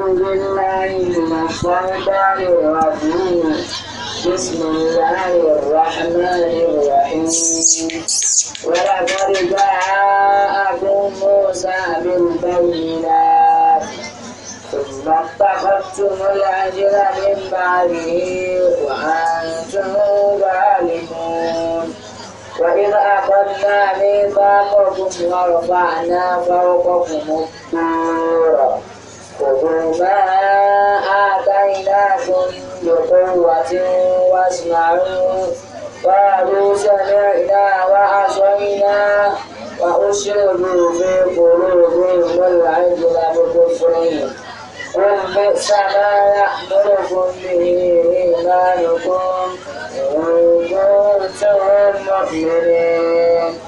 أعوذ بالله من الشيطان الرجيم بسم الله الرحمن الرحيم ولقد جاءكم موسى بالبينات ثم اتخذتم العجل من بعده وأنتم ظالمون وإذ أخذنا ميثاقكم ورفعنا فوقكم الطور خذوا ما آتيناكم بقوة واسمعوا قالوا سمعنا وعصينا وأشربوا في قلوبهم العجل بكفرهم قل بئس ما يأمركم به إيمانكم إن كنتم مؤمنين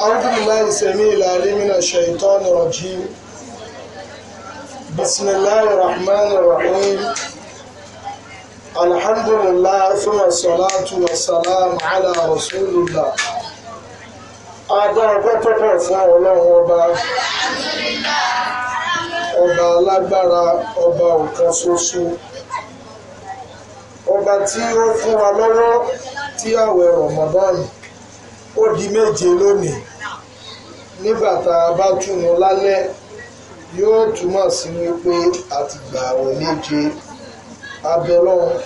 أعوذ بالله السميع العليم من الشيطان الرجيم بسم الله الرحمن الرحيم الحمد لله ثم الصلاة والسلام على رسول الله agbára pẹ́pẹ́pẹ́ ọba ọba alágbára ọba ọ̀kan ọba tí ó fún wa lọ́wọ́ tí àwẹ̀ Ramadan ó di méje yóò túmọ̀ sí wípé a ti gbà àwẹ̀ méje abẹ́lọ́run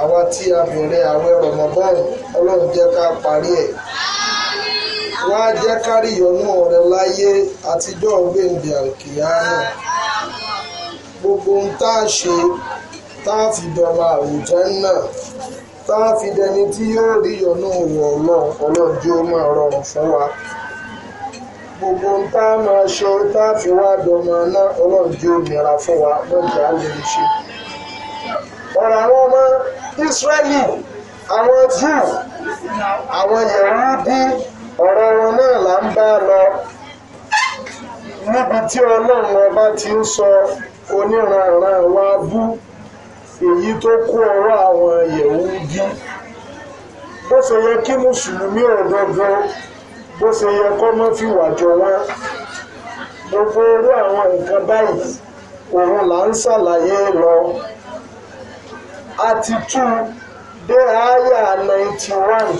àwa tí a bẹ̀rẹ̀ àwẹ̀ rọ̀mọ́bọ́ọ̀nù ọlọ́run jẹ́ ká parí ẹ̀ wá jẹ́ kárí ìyọnú rẹ láyé àtijọ́ gbèǹdé àkìyáná gbogbo ń tá a ṣe tá a fi dọ̀la àwùjọ náà tá a fi dẹni tí yóò rí ìyọnú wọ̀ ọlọ́run jẹ́ ó máa rọrùn fún wa gbogbo ń tá a máa ṣe tá a fi wá dọmọ náà ọlọ́run jẹ́ òmìnira fún wa lọ́jà á ṣe. ọ̀rọ̀ àwọn ọmọ Ísírẹ́lì àwọn Júù àwọn Yẹ̀húdí ọ̀rọ̀ wọn náà là ń bá lọ níbi tí ọlọ́run ọba ti ń sọ oníranran wa bú èyí tó kó ọ̀rọ̀ àwọn Yẹ̀húdí bó ṣe yẹ kí mùsùlùmí òdodo bó ṣe yẹ kọ́mọ́ fi wà jọ wá gbogbo irú àwọn nǹkan báyìí òun là ń ṣàlàyé lọ a ti tú dé àyà ninety one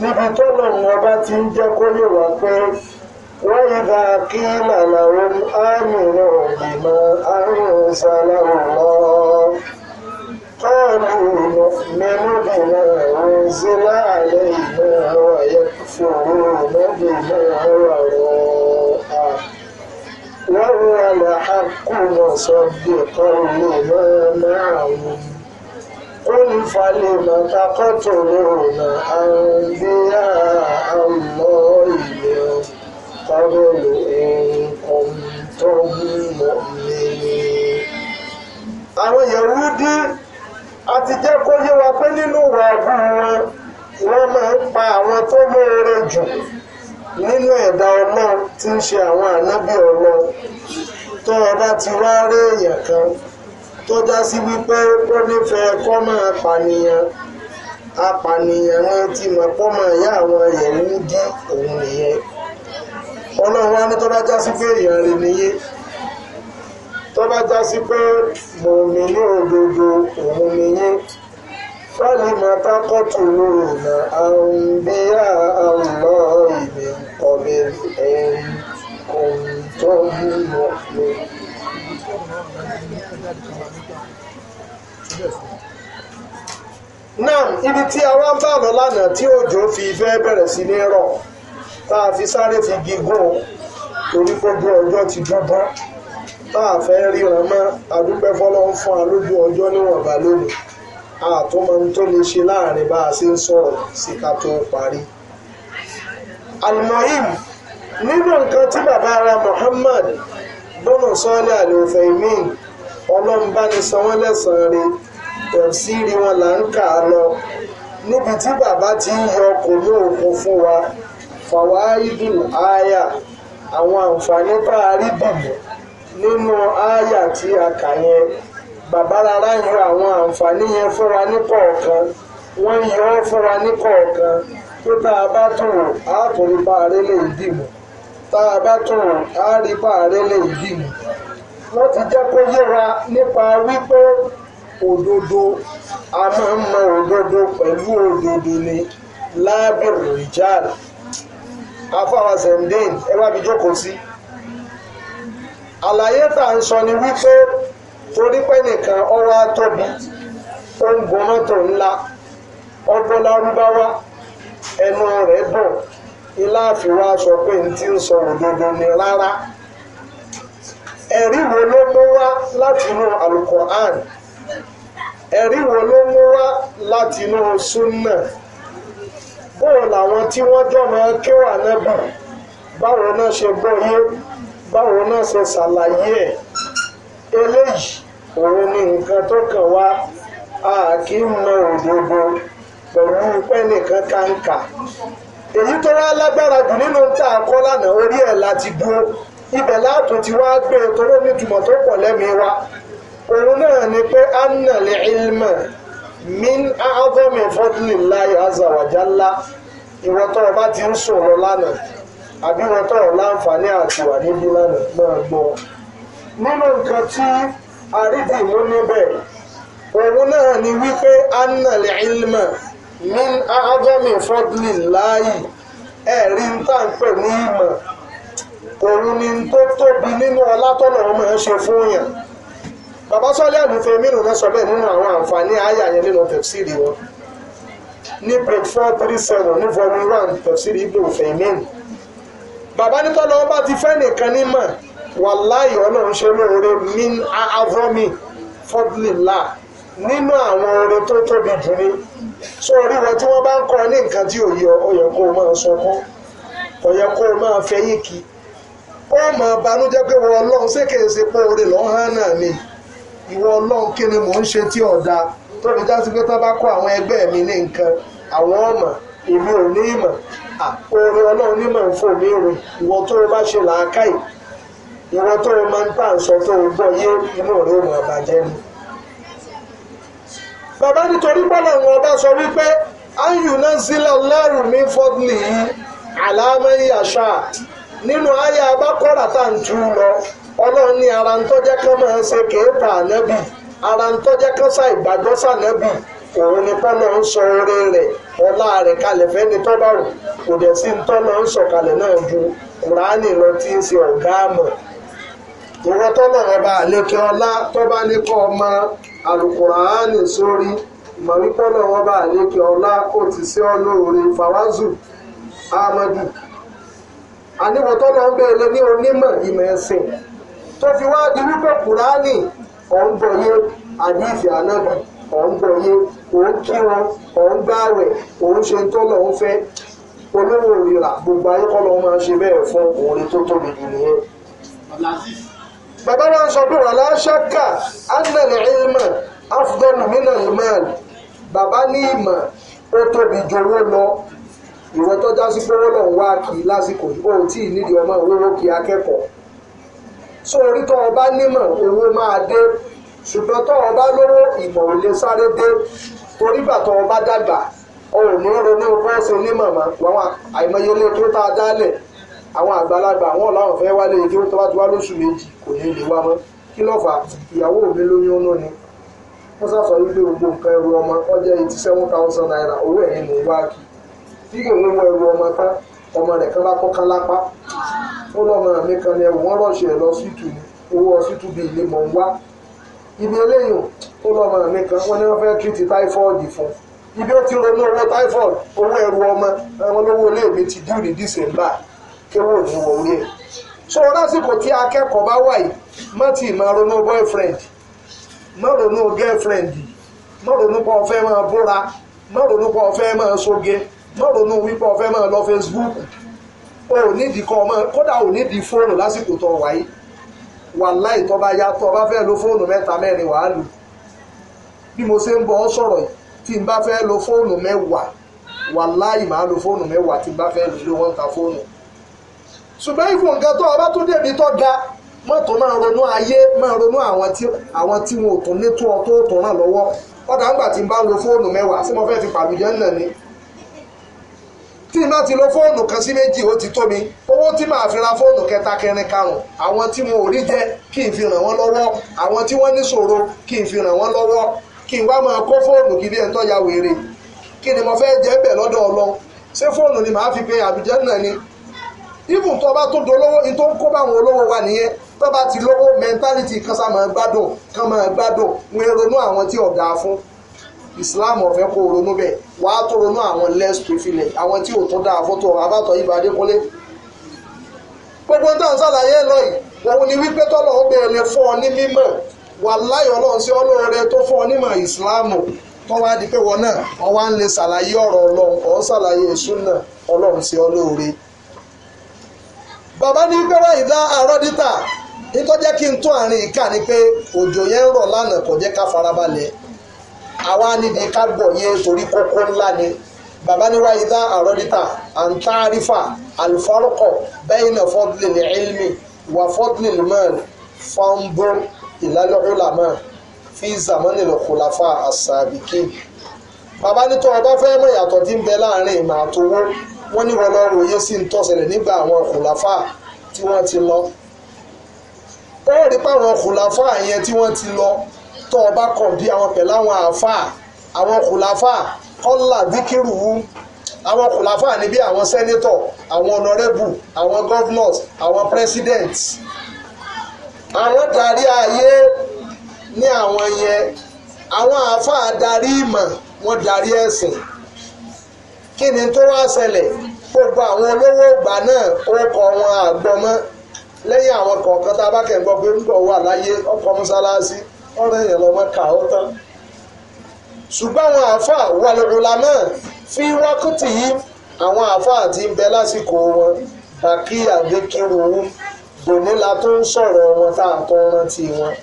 níbi tọ́lọ̀mù ọba ti ń jẹ́ kó lè wá pé wọ́n yí ìdá kí làlàó àmì náà bímọ àrùn ṣàlàyé lọ aụeziaalaieaaụụ oe ea rarụa nweerela akụụsọ ụtọea aụ faụaatọtụụ na aụziaaa aụiletụ etlọeaụụ a ti jẹ́ kó yé wa pé nínú ìwà ọ̀gbìn wọn wọ́n máa ń pa àwọn tó mọ́ọ̀rẹ́ jù nínú ẹ̀dá ọlọ́run tí ń ṣe àwọn ànábì ọlọ́run tó ọba ti wá rí èèyàn kan tó já sí wípé ó nífẹ̀ẹ́ kọ́ máa pànìyàn apànìyàn wọn ti mọ̀ pọ́ máa yá àwọn ẹ̀yẹ̀ ń dí òun nìyẹn ọlọ́run wá ní tó bá já sí pé èèyàn rè níyé tọ́ba já sí pé mòmí ní òdodo òun ni yín fẹ́ẹ̀lì mẹ́ta kọ́tù lóòrùn àrùn bí àlọ́ ìmì ọ̀bẹ ẹ̀yìn ohun tó ń lọ pé. náà ibi tí a wá ń bá lánàá tí òjò fi fẹ́ bẹ̀rẹ̀ sí ní rọ̀ tá a fi sáré fi gígùn torí gbogbo ọjọ́ ti dúdú tá a fẹ́ ríran mọ́ adúpẹ́ fọlọ́run fún wa lójú ọjọ́ níwọ̀nba lónìí àtúmọ̀ tó lè ṣe láàrin bá a ṣe ń sọ̀rọ̀ sí ká tó parí. almohim nínú nǹkan tí bàbá ara Muhammad bọ́nà sọ́ọ́lẹ̀ àlùfẹ̀mín ọlọ́mbánisanwó lẹ́sàn-án rẹ̀ tẹ̀síìrì wọn là ń kà á lọ níbi tí bàbá ti ń yọ kò ní òkun fún wa fàwa idul aya àwọn àǹfààní tá a rí bìbù nínú ááyà tí a kà yẹn bàbá rárá yan àwọn àǹfààní yẹn fúnra ní kọ̀ọ̀kan wọ́n yọ ọ́ fúnra ní kọ̀ọ̀kan tó tá a bá tún wò á kò rí bá a rí lè dìbò tá a bá tún wò á rí bá a rí lè dìbò. wọ́n ti jẹ́ kó yẹra nípa wípé òdodo a máa ń mọ òdodo pẹ̀lú òdodo ni lábẹ̀rù ìjáàlì afáwàsẹ̀ ndéèn ẹ wá bí jókòó sí. Si àlàyé tá à ń sọ ni wípé torí pé nìkan ọrọ̀ àtọ́bí ó ń gun mọ́tò ńlá ọgbọ́n lárúbáwá ẹnu rẹ̀ bọ̀ ilá àfiwá sọ pé n ti ń sọ òdodo ni rárá ẹ̀rí wo ló mú wá láti inú alukur'an ẹ̀rí wo ló mú wá láti inú sunna bóò làwọn tí wọ́n jọ máa kéwà náà báwo náà ṣe gbọ́ yé báwọn náà ṣe ṣàlàyé ẹ̀ eléyìí òun ni nǹkan tó kàn wá a kì í mọ òdodo pẹ̀lú pẹ́nìkan kàǹkà èyí tó wá lágbára jù nínú tá a kọ́ lánàá orí ẹ̀ láti dúró ibẹ̀ láàtò tí wá gbé e toró nítumọ̀ tó pọ̀ lẹ́mi wa òun náà ni pé anna lè ilmọ̀ min aadọ́mi fọ́dúnlélá azawajalla ìwọ́tọ́ ọba ti ń sọ̀rọ̀ lánàá àbí wọn tọrọ láǹfààní àti wà níbí lánàá náà gbọ́ nínú nǹkan tí àrídì mú níbẹ̀ òun náà ni wípé annal ilma min aadami fadli láàyè ẹ̀rí ń tà ń pè ní ìmọ̀ òun ni tó tóbi nínú ọlátọ́nà ọmọ ẹ̀ ṣe fún yàn bàbá sọ́lé àlùfẹ́ mìíràn náà sọ bẹ́ẹ̀ nínú àwọn àǹfààní àyà yẹn nínú tẹ̀síìrì wọn ní page four three seven ní volume one tẹ̀síìrì ibùdó fẹ̀mìíràn bàbá ní tọ́lọ́ ọba ti fẹ́ nìkan ní mọ̀ wàláyé ọlọ́run ṣe lóore min avromi fọdúlìlá nínú àwọn oore tó tóbi jù ní sọ orí wọn tí wọ́n bá ń kọ́ ní nǹkan tí òye ọyọ kó o máa sọkún ọyọ kó o máa kí ó mọ banújẹ́ pé wọn ọlọ́run ṣé kìí ṣe pé oore lọ́hán náà ni ìwọ ọlọ́run kí ni mò ń ṣe tí ọ̀dà tó já sí pé tó bá àwọn ẹgbẹ́ mi ní nǹkan àwọn ọmọ èmi ò ní ìmọ̀ orin ọlọ́run ní màá fò mí rìn ìwọ tó o bá ṣe làákàyè ìwọ tó o máa ń tà ń sọ tó o gbọ́ yé inú rẹ ni. bàbá nítorí pọ́lá àwọn ọba sọ wípé náà sílẹ̀ mi fọ́dúnlì yìí nínú ayé abákọ́rà tá à ń tú lọ ọlọ́run ara ń tọ́jẹ́ kán máa ń ṣe ara ń tọ́jẹ́ kán ṣàìgbàgbọ́sà òun ni pọ́nà ń sọ oore rẹ̀ ọlá rẹ̀ kalẹ̀ fẹ́ni tó bá wù kò dẹ̀ sí ń sọ̀kalẹ̀ náà ju kùránì lọ tí ń ṣe ọ̀gá àmọ̀ ìwọ tọ́nà ọba àlékè ọlá tó bá ní ọmọ sórí wípé náà ọba àlékè ọlá kò ti sí àníwọ̀ ń bẹ̀rẹ̀ ní onímọ̀ ìmọ̀ fi wá di wípé kùránì ọ̀ ń bọ̀ yé ò ń kírun ọ̀ ń gbààwẹ̀ ò ń ṣe tó lọ́ọ́ fẹ́ olówó òrìrà gbogbo ayé kọ́ lọ́ọ́ máa ṣe bẹ́ẹ̀ fún òun tó tóbi jù nìyẹn. bàbá náà sọ pé wàhálà ṣáká ánàlẹ̀ ilmọ̀ afdọ́nù mínà mẹ́rin bàbá ní ìmọ̀ ó tóbi ju owó lọ ìwọ tó já sí pọ́wọ́ lọ́n wá kí lásìkò yìí ohun tí ìnídìí ọmọ ìwé wó kí akẹ́kọ̀ọ́ sórí tó o bá nímọ̀ owó máa dé ṣùgbọ́n tó o bá lówó ìmọ̀ ò lè sáré dé torí gbà tó o bá dàgbà o ò ní ronú bọ́ọ̀sì onímọ̀ mọ́ àwọn àìmọye ilé tó tá a dálẹ̀ àwọn àgbàlagbà àwọn làwọn fẹ́ wálé ìdí tó bá ti wá lóṣù méjì kò ní lè wá mọ́ kí ló ìyàwó mi lóyún nú ni wọ́n sàṣọ wípé gbogbo nǹkan ẹrù ọmọ wọ́n jẹ́ eighty seven thousand naira owó ẹ̀yìn ní wá kí bí èmi mú ẹrù ọmọ tán ọmọ rẹ̀ kan lápọ́ ó lọ́mọ mi kan ni ẹ̀wọ̀n rọ̀ṣẹ̀ lọ sí ìtù ni owó ọsítù bíi ilé mọ̀ ń wá ibi eléyìí ó lọ́mọ mi kan wọ́n ní wọ́n fẹ́ tírìtì táífọ́ọ̀dì fún ibi ó ti ronú owó táífọ́ọ̀dì owó ẹrù ọmọ àwọn olówó ilé mi ti dúró ní dísèmbà kéwò ní wọ̀wé ẹ̀ so lásìkò tí akẹ́kọ̀ọ́ bá wà yìí má ti máa ronú boyfriend má ronú girlfriend má ronú pa ọ̀fẹ́ máa búra má ronú pa ọ̀fẹ́ máa soge má ronú wípé ọ̀fẹ́ máa lọ Facebook o ò nídìí kọ́ ọmọ kódà ò nídìí fóònù lásìkò tó wáyé wàláì tó bá yá tó bá fẹ́ lo fóònù mẹ́ta mẹ́rin wàá lò bí mo ṣe ń bọ́ ọ sọ̀rọ̀ yìí tí n bá fẹ́ lo fóònù mẹ́wàá wàláì máa lo fóònù mẹ́wàá tí n bá fẹ́ lò ló wọ́n ta fóònù. ṣùgbọ́n ìfò nǹkan tó ọba tó dèbí tó ga mọ́tò máa ronú ayé máa ronú àwọn tí àwọn tí wọn ò tún ní tó ọ tó tó ràn lọ́wọ́ ọ̀dà ńgbà tí n bá lo fóònù mẹ́wàá tí mo fẹ́ fi pàlùjẹ́ náà ni tí n bá ti lo fóònù kan sí méjì ó ti tó mi owó tí màá fi ra fóònù kẹta kẹrin karùn àwọn tí mo ò rí jẹ kí n fi ràn wọ́n lọ́wọ́ àwọn tí wọ́n níṣòro kí n fi ràn wọ́n lọ́wọ́ kí n wá máa kó fóònù kí bí ẹ̀ ń tọ́ya wèrè kí ni mo fẹ́ jẹ́ bẹ̀ lọ́dọ̀ ọlọ ṣé fóònù ni màá fi pe àbújá náà ni even tó bá tó dolówó ní tó ń kó báwọn olówó wa nìyẹn tó bá ti lówó mẹ́ńtálítì kan sá máa gbádùn kan máa gbádùn wọn ronú àwọn tí ọ̀dà fún islam ọ̀fẹ́ kó ronú bẹ̀ wà á tó ronú àwọn less privilege àwọn tí ò tún dáa fọ́tò abátọ̀ ibà adékọ́lé gbogbo tá à ń ṣàlàyé lọ yìí òun ni wípé tọ́lọ̀ ó bẹ̀rẹ̀ fún ọ ní mímọ̀ wà láyé ọlọ́run sí ọlọ́run tó fún ọ nímọ̀ ìsìláàmù tó wá di pé wọn náà wọn wá ń lè ṣàlàyé ọ̀rọ̀ ọlọ́run ọ̀ ń ṣàlàyé ìṣúná ọlọ́run sí ọlọ́ọ̀rẹ́. bàbá ní wípé wọ́n ìdá àrọ́dítà nítọ́jẹ́ kí n tún àárín ìka ni pé òjò yẹn ń rọ̀ lánàá kò jẹ́ ká farabalẹ̀ àwa níbi ká gbọ̀ yẹn torí kókó ńlá ni bàbá ní wáyídá àrọ́dítà àǹtárífà àlùfárọ́kọ̀ bẹ́yìn náà fọ́dúlì ní ilmi wà fọ́dúlì mẹ́rin fọ́nbó ìlàlọ́ọ̀làmọ́ fi zàmánì lọ́kùlàfà àṣàbìkì. bàbá ní tó ọba fẹ́ mọ̀ yàtọ̀ tí ń bẹ láàrin ìmọ̀ àtòwó wọ́n ní rọlọ́rọ̀ òye sí ń tọ́sẹ̀lẹ̀ nígbà àwọn kùlàfà tí wọ́n ti lọ. ó rí pàwọn kùlàfà yẹn tí wọ́n ti lọ tó o bá kọ̀ǹpí àwọn pẹ̀lú àwọn àáfàá àwọn kùláfà kọ́là díkìrùwú àwọn kùláfà ní bí àwọn sẹ́nétọ̀ àwọn ọ̀nọ́rẹ́bù àwọn gọ́vnọ̀t àwọn pírẹ́sídẹ̀ǹt àwọn darí ayé ní àwọn yẹn àwọn àáfàá darí ìmọ̀ wọ́n darí ẹ̀sìn kí ni tó wá ṣẹlẹ̀ gbogbo àwọn olówó ìgbà náà orúkọ wọn àgbọmọ lẹ́yìn àwọn kọ̀ọ̀kan tá a bá kẹ̀ ń gbọ́ pé ń bọ̀ wà láyé ọkọ̀ mọ́sálásí ọ̀rọ̀ èèyàn lọ́mọ kà ó tán ṣùgbọ́n àwọn àáfàá wà lọ́rọ̀lámọ́ fi wákùtì yìí àwọn àáfàá ti ń bẹ lásìkò wọn kàkí àdékìrúwú dòníla tó ń sọ̀rọ̀ wọn tá a tó rántí wọn.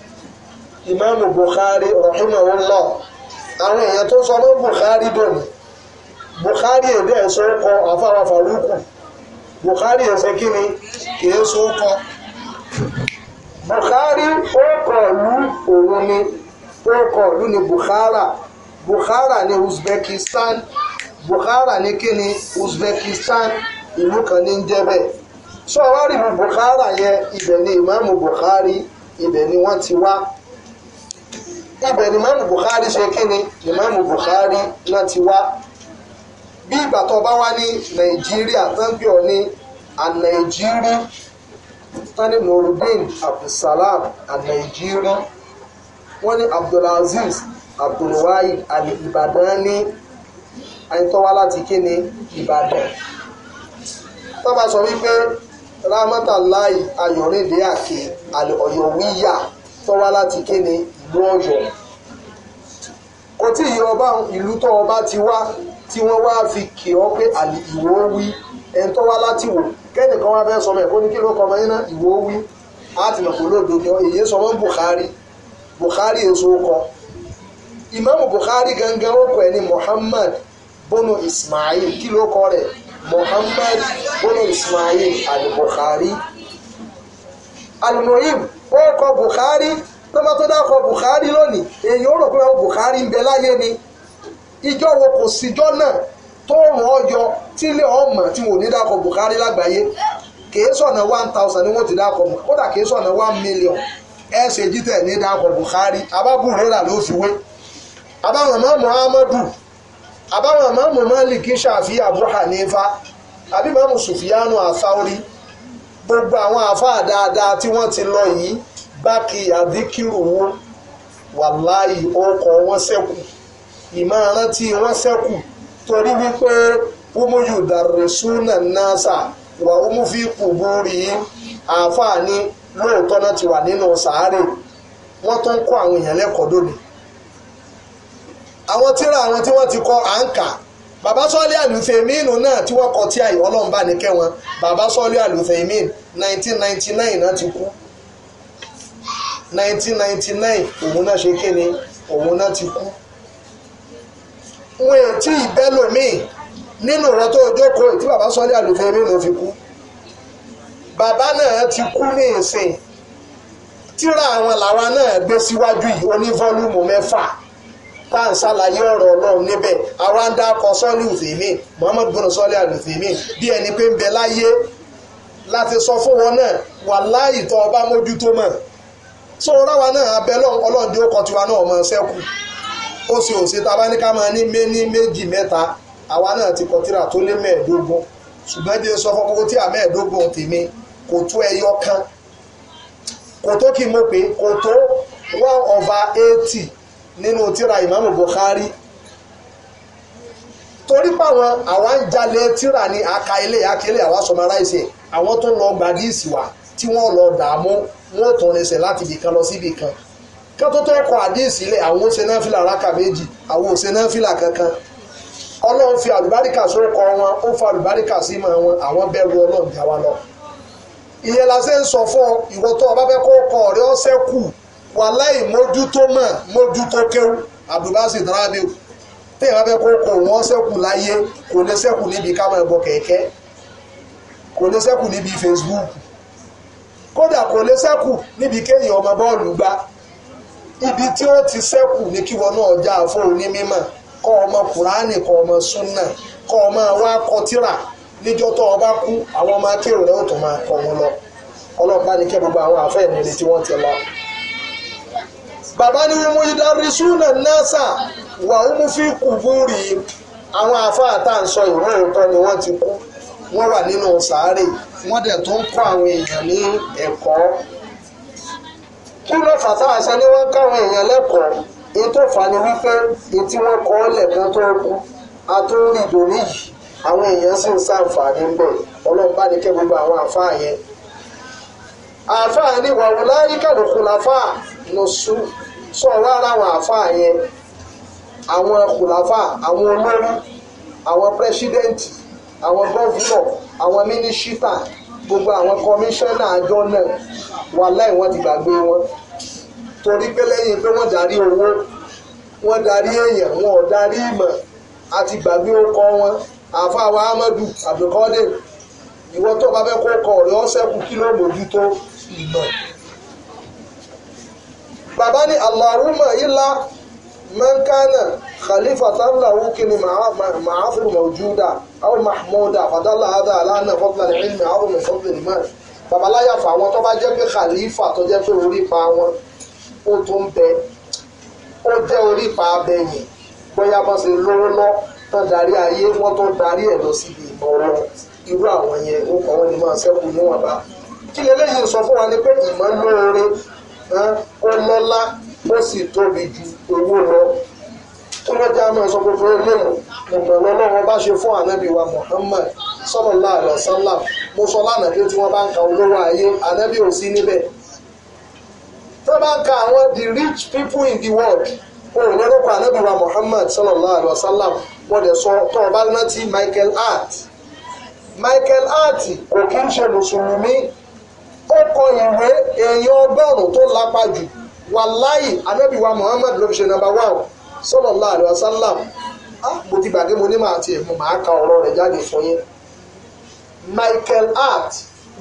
ìmáàmù Bukhari rahimahullah àwọn èèyàn tó sọ mọ́ Bukhari dòní Bukhari èdè ẹ̀sọ́ kọ àfàwà faruku Bukhari ẹ̀sẹ̀ kí ni kì í sọ kọ Bukhari ó kọ̀ òun ni orúkọ ìlú ni Bukhara Bukhara ni Uzbekistan Bukhara ni kíni Uzbekistan ìlú kan ní ń jẹ́ bẹ́ẹ̀ sọ wá rí Bukhara yẹn ibẹ̀ ni ìmáàmù Bukhari ibẹ̀ ni wọ́n ti wá ibẹ̀ ni ìmáàmù Bukhari ṣe kíni ìmáàmù Bukhari náà ti wá bí ìgbà tó bá wá ní Nàìjíríà tán bí ọ ní ànàìjírí tani nurudeen abdulsalam ànàìjírí wọ́n ní abdulaziz abdulwahid ali ìbàdàn ní àyíntọ́wá láti kíni ìbàdàn tọ́ba sọ wípé rahmatulahi ayọ̀rìndé àkè àlè ọ̀yọ̀wíyà tọ́wá láti kíni ìlú ọ̀yọ́ kò tí ì ọba ìlú tó ọba ti wá tí wọ́n wá fi kì ọ́ pé àlè ìwọ wí ẹ̀ láti wò kẹ́nìkan wá fẹ́ sọmọ ẹ̀ ní kí ló kọ́ ọmọ yín náà wí á ti mọ̀ pé olóògbé èyí sọmọ Bukhari bukhari ń sọkọ ìmáàmù bukhari gangan ó kọ muhammad bono ismail kilo ló muhammad bono ismail al-bukhari al-muhim ó kọ bukhari tọ́ba tó dákọ̀ bukhari lónìí èyí ó rò bukhari ń bẹ láyé ni ìjọ wo kò síjọ́ náà tó ràn ọ́ tílé ọmọ tí wọn ò ní dákọ̀ bukhari lágbàáyé kìí sọ̀nà one thousand ni wọ́n ti dákọ̀ mọ́ kódà kìí one million ẹ ṣe jíjẹ ní dàpọ̀ Bukhari abábùn rírà ló fi wé abáwọn mọ́mọ́ amadu abáwọn mọ́mọ́ mọ́lìkì ṣàfi Abu Hanifa abímọ́mù Sufyanu àfáórí gbogbo àwọn àfáà dáadáa tí wọ́n ti lọ yìí bákì àdíkìrù wọn wàláì ọkọ̀ wọn sẹ́kù ìmọ̀ràn tí wọ́n sẹ́kù torí wípé wọ́n yóò dàrẹ̀ súnà náà sà wà lóòótọ́ náà ti wà nínú sàárè wọ́n tún kọ́ àwọn èèyàn lẹ́kọ̀ọ́ lónìí àwọn tíra àwọn tí wọ́n ti kọ́ à ń kà bàbá sọ́ọ́lì àlùfẹ́mínú náà tí wọ́n kọ́ tí àyè ọlọ́run bá ní kẹ́wọn bàbá sọ́ọ́lì àlùfẹ́mín 1999 náà ti kú 1999 òun náà ṣe kéde òun náà ti kú wọn ò tí ì bẹ́lòmíì nínú rẹ tó jókòó tí bàbá sọ́ọ́lì àlùfẹ́mínú fi kú bàbá náà ti kú ní ìsìn tíra àwọn làwa náà gbé síwájú yìí onífọ́lùmù mẹ́fà tá à ń ṣàlàyé ọ̀rọ̀ ọlọ́run níbẹ̀ àwa ń dákọ sọ́ọ̀lì ùfèmí Muhammad bin sọ́ọ̀lì àlùfèmí bí ẹni pé ń bẹ láyé láti sọ fún wọn náà wà láì tọ́ ọba mójútó mọ̀ so ráwa náà abẹ́ ọlọ́run dé ó kọ tiwa náà ọmọ ṣẹ́kù ó sì ò sí taba ní ká máa ní méní méjì mẹ́ta àwa náà ti kọ tíra tó lé mẹ́ẹ̀ẹ́dógún ṣùgbọ́n jẹ́ sọ fún gbogbo tí àmẹ́ẹ̀ẹ́dógún tèmi kò tó ẹyọ kan kò tó kí n mọ̀ pé kò tó one over eighty nínú tíra ìmáàmù Bukhari torí páwọn àwa ń jalè tíra ní aka ilé akélé àwa sọmaráìsì àwọn tó ń lọ gbàdíìsì wa tí wọ́n lọ dààmú wọ́n tún rinṣẹ̀ láti ibì kan lọ sí ibì kan kí wọ́n tó tó ẹ̀kọ́ àdíìsì ilé àwọn òṣè náà fìlà ráka méjì àwọn òṣè náà fìlà kankan ọlọ́run fi àlùbáríkà sórí kọ wọn ó fa àlùbáríkà sí mọ́ wọn àwọn bẹ̀rù ọlọ́run já wa lọ ìyẹn la ṣe ń sọ fún ọ ìwọ tó o bá fẹ́ kó kọ ọ̀rẹ́ ọ̀sẹ̀ kù wàláì mójútó mọ̀ mójútó kéwù àdùbásì drábíù téèyàn bá fẹ́ kó kọ òun ọ̀sẹ̀kù láyé kò lè ṣẹ́kù níbi ká máa bọ kẹ̀kẹ́ kò lè ṣẹ́kù níbi Facebook kódà kò lè ṣẹ́kù níbi kéèyàn ọmọ bọ́ọ̀lù gbá ibi tí ó ti ṣẹ́kù ní kí wọn náà já fún onímọ̀ kọ́ ọmọ kùránì kọ́ ọmọ súnà kọ́ ọmọ wa kọtíra níjọ́ tó ọba kú àwọn ọmọ akérò rẹ̀ ó tún máa kọ́ wọn lọ ọlọ́ọ̀bá ní kẹ́ gbogbo àwọn àfẹ́ ìrìn tí wọ́n ti lọ. bàbá ni wọ́n mú yudarrisuna nasa wà ó mú fi kuburi àwọn àfẹ́ àtàǹsọ ìwọ̀n ìrìntọ́ ni wọ́n ti kú wọ́n wà nínú sàárè wọ́n dẹ̀ tó ń kọ́ àwọn èèyàn ní ẹ̀kọ́ kí ló fà tá a ṣe ni wọ́n káwọn èèyàn lẹ́kọ̀ọ́ èyí tó ni wípé èyí tí kọ́ lẹ̀kan tó kú àtúndì dòní yìí àwọn èèyàn sì ń sàǹfààní ń bẹ̀ ọlọ́run bá ní kẹ́ gbogbo àwọn àfáà yẹn àfáà ní wàhùn láyé kẹ́lùkùn láfáà nùsù sọ̀rọ̀ ara àwọn àfáà yẹn àwọn kùlàfà àwọn olórí àwọn pírẹsidẹ́ǹtì àwọn gọ́vùnọ̀ àwọn mínísítà gbogbo àwọn kọmíṣánná àjọ náà wà láì wọ́n ti gbàgbé wọn torí pé lẹ́yìn pé wọ́n darí owó wọ́n darí èèyàn wọn ò darí ìmọ̀ àti gbàgbé orúkọ wọn àfa wa amadu abdulkadir ìwọ tó bá fẹ́ kó kọ ọ̀rẹ́ ọ̀sẹ̀kù kí ló mójútó ìmọ̀. bàbá ní Allahumma illa man kana khalifatan lahu kíni màáfù mawjuda aw mahmuda fàdálà àdá aláàánà fọ́tìlà ní ilmi àwọn mẹ́fọ́tìlì mọ́. babaláyà fà wọn tó bá jẹ́ pé khalifa tó jẹ́ pé orí pa wọn ó tó ń bẹ ó jẹ́ orí pa abẹ́yìn bóyá bọ́n ṣe lóró lọ́ọ́ tán darí ayé wọ́n tó darí ẹ̀ lọ síbi ọ̀rọ̀ irú àwọn yẹn ó kọ́ wọn ni máa ṣẹ́kù níwọ̀nba kí eléyìí sọ fún wa ni pé ìmọ̀ lóore ó lọ́lá ó sì tóbi ju owó lọ tó ló já máa sọ gbogbo eléyìí mọ̀mọ́ lọ́wọ́ bá ṣe fún ànábì wa Muhammad sallallahu alaihi mo sọ lánàá pé tí wọ́n bá ń ka olówó ayé ànábì ò sí níbẹ̀ tó bá ń ka àwọn the rich people in the world òun lórúkọ anábìwá Muhammad sallallahu alayhi wa sallam sọ tó o bá Michael art Michael Hart kò kí ń ṣe mùsùlùmí ó kọ ìwé èèyàn ọgọ́rùn tó Muhammad ló fi ṣe number one sallallahu alayhi wa sallam mo ti gbàgbé mo ní màá ka ọ̀rọ̀ rẹ̀ jáde fún yín Michael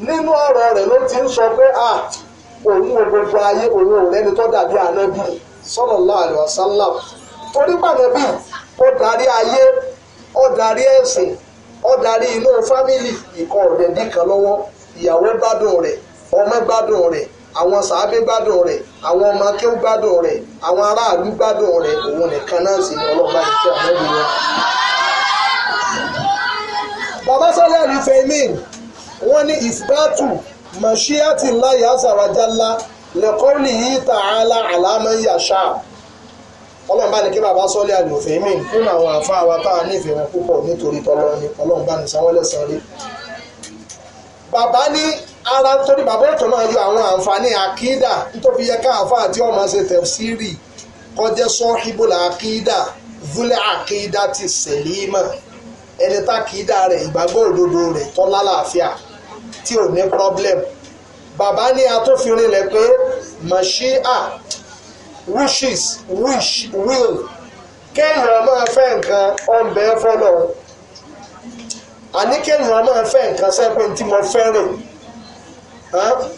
nínú ọ̀rọ̀ rẹ̀ ti ń sọ pé òun ò gbogbo ayé òun ò sallallahu alaihi wasallam torí pàdébí ó darí ayé ó darí ẹ̀sìn ó darí inú fámìlì ìkan ọ̀rẹ́dì kan lọ́wọ́ ìyàwó gbádùn rẹ̀ ọmọ gbádùn rẹ̀ àwọn sàábé gbádùn rẹ̀ àwọn ọmọ akéwù gbádùn rẹ̀ àwọn aráàlú gbádùn rẹ̀ òun nìkan náà sì ní ọlọ́ba ìfẹ́ àmọ́bí wọn. bàbá sọ́lá ìfẹ́ mi wọ́n ní ìfúdátù màṣíàtì láyà lẹ́kọ́ọ̀lì yìí ta'ala ala man yasha ọlọ́run bá ní kí bàbá sọ́lé àlòfẹ́ mi nínú àwọn àfáà wa táwa nífẹ̀ẹ́ wọn púpọ̀ nítorí tọ́lọ́run ni ọlọ́run bá ní sanwó lẹ́sàn-án rí. bàbá ní ara torí bàbá ètò náà yọ àwọn àǹfààní àkídà nítorí yẹ ká àfáà tí ọmọ ṣe tẹ̀síìrì kọjá sọ́híbùlà àkídà vúlẹ̀ àkídà ti sẹ̀límà ẹni tá àkídà rẹ̀ ìgbàgbọ́ òdodo rẹ̀ tọ́lá láàfíà tí ò ní pọ́blẹ́mù bàbá ní atúnfinrin lẹ pé à. wishes wish will kéèyàn máa fẹ́ nǹkan ọ̀nbẹ fọlọ́ àní kéèyàn máa fẹ́ nǹkan sẹ́pẹ́ tí mo fẹ́ rè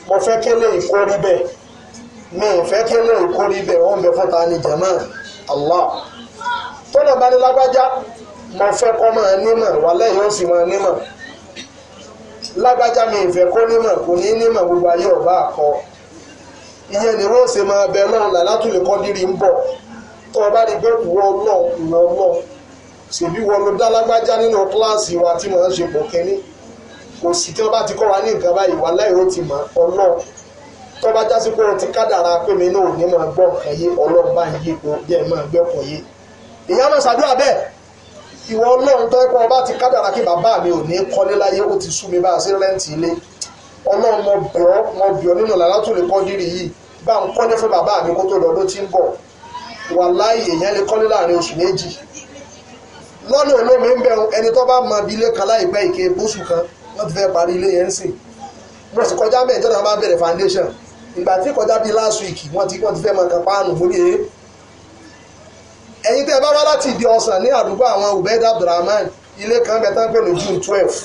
mo fẹ́ kélé ìkórí bẹ́ẹ̀ mi ò fẹ́ kélé ìkórí bẹ́ẹ̀ ọ̀nbẹ fọta ni jama Allah tọ́nà bá ní lágbájá mo fẹ́ kọ́ máa nímọ̀ wàlẹ́ yóò sì máa nímọ̀ lágbájá mi ìfẹ́ kó nímọ̀ kò ní nímọ̀ gbogbo ayé ọba àkọ ìyẹn ni wọ́n ṣe máa bẹ lọ́run làlátùlẹ̀ kọ́ dírí ń bọ̀ tó o bá rí pé wọ́n náà wọ́n náà ṣèbí wọn ló dá lágbájá nínú kíláàsì wa tí wọ́n ń ṣe pọ̀ kẹ́ni kò sí tí wọ́n bá ti kọ́ wa ní nǹkan báyìí wà láì ó ti mọ̀ ọlọ́ tó bá já sí pé o ti kádàrá pé mi náà ò ní máa gbọ́ nǹkan yé ọlọ́ọ̀bá yìí kò jẹ́ máa gbẹ́kọ̀ọ́ ìwọ ọlọ́run tó ẹ̀kọ́ ọba ti kádàrá kí bàbá mi ò ní kọ́lé láyé ó ti sú mi bá a sí rẹ́ǹtì ilé ọlọ́run mo bẹ̀ ọ́ mo bẹ̀ ọ́ nínú làlá tó lè kọ́ dírì yìí bá ń kọ́lé fún bàbá mi kó tó lọ ló ti ń bọ̀ wà láàyè èèyàn lè kọ́lé láàrin oṣù méjì lọ́nà olómi ń bẹ̀rù ẹni tó bá mọ ibi kan láìpẹ́ ìke bóṣù kan wọ́n ti fẹ́ parí ilé yẹn ń sìn bó sì kọjá mẹ́ẹ̀ẹ́dọ́nà ẹ̀yin tẹ́ ẹ bá wá láti ìdí ọ̀sán ní àdúgbò àwọn Ubaid Abdulrahman ilé kan bẹ tán pẹ̀lú June twelve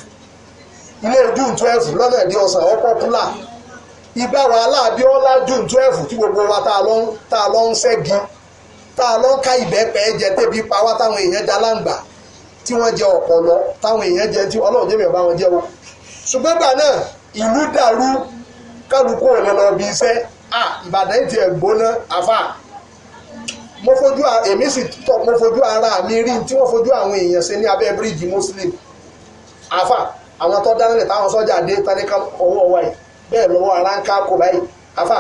ilé June twelve lọ́nà ìdí ọ̀sán ó pọ́pùlà ibà wà láàbí ọ̀la June twelve tí gbogbo wa tá a lọ ń ṣẹ́gi tá a lọ ń ká ìbẹ́pẹ́ jẹ tẹ́bi pa wá táwọn èèyàn jalangba tí wọ́n jẹ ọ̀pọ̀lọ táwọn èèyàn jẹ tí ọlọ́run jẹ́mi ọba wọn jẹ́ o ṣùgbọ́n gbà náà ìlú dàrú kálukú ọ̀lẹ́lọ́ bí iṣẹ́ ah, Ìbàdàn ti ẹ̀ gbóná àfà mo fojú èmi sì tọ mo fojú ara mi rí tí wọ́n fojú àwọn èèyàn ṣe ní abẹ́ bíríìjì muslim àfà àwọn tó dánilẹ̀ táwọn sọ́jà dé taníkà ọwọ́ wa yìí bẹ́ẹ̀ lọ́wọ́ ara ń ká kò báyìí àfà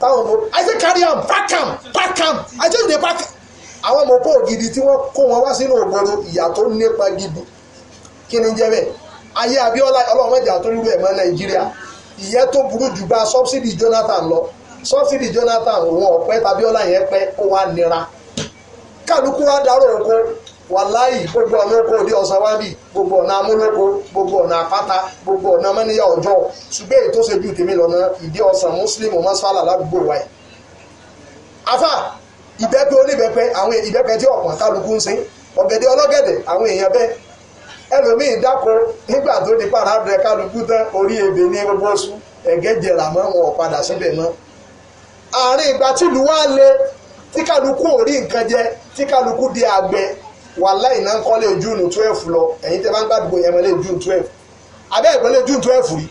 táwọn mo i say carry am pack am pack am i just dey pack àwọn ọmọ pọ̀ gidi tí wọ́n kó wọn wá sínú ògbóró ìyà tó nípa gidi kí ni jẹ́ bẹ́ẹ̀ ayé Abíọ́lá ọlọ́run mẹ́jà tó rírú ẹ̀ mọ́ Nàìjíríà ìyẹn tó burú jù bá subsidy Jonathan lọ sọ́sìrì Jonathan òun ọ̀pẹ tàbí ọlá yẹn pẹ́ nira kálukú wá darú oko wàláyì gbogbo ọ̀nà oko òde gbogbo ọ̀nà gbogbo ọ̀nà àpáta gbogbo ọ̀nà ọjọ́ ṣùgbọ́n èyí tó ṣe ju tèmi lọ́nà ìdí ọ̀sán afa àwọn tí ọ̀pọ̀ kálukú ń ọ̀gẹ̀dẹ̀ ọlọ́gẹ̀dẹ̀ àwọn èèyàn bẹ́ẹ̀ dáko nígbà tó kálukú tán orí ebè ní àárín ìgbà tìlú wá le tí kálukú ò rí nǹkan jẹ tí kálukú di àgbẹ̀ wàhálà iná ń kọ́lé june twelve lọ ẹ̀yin tẹ́ bá ń gbàdúgbò yẹn mọ́lé june twelve abẹ́ ìpínlẹ̀ june twelve rí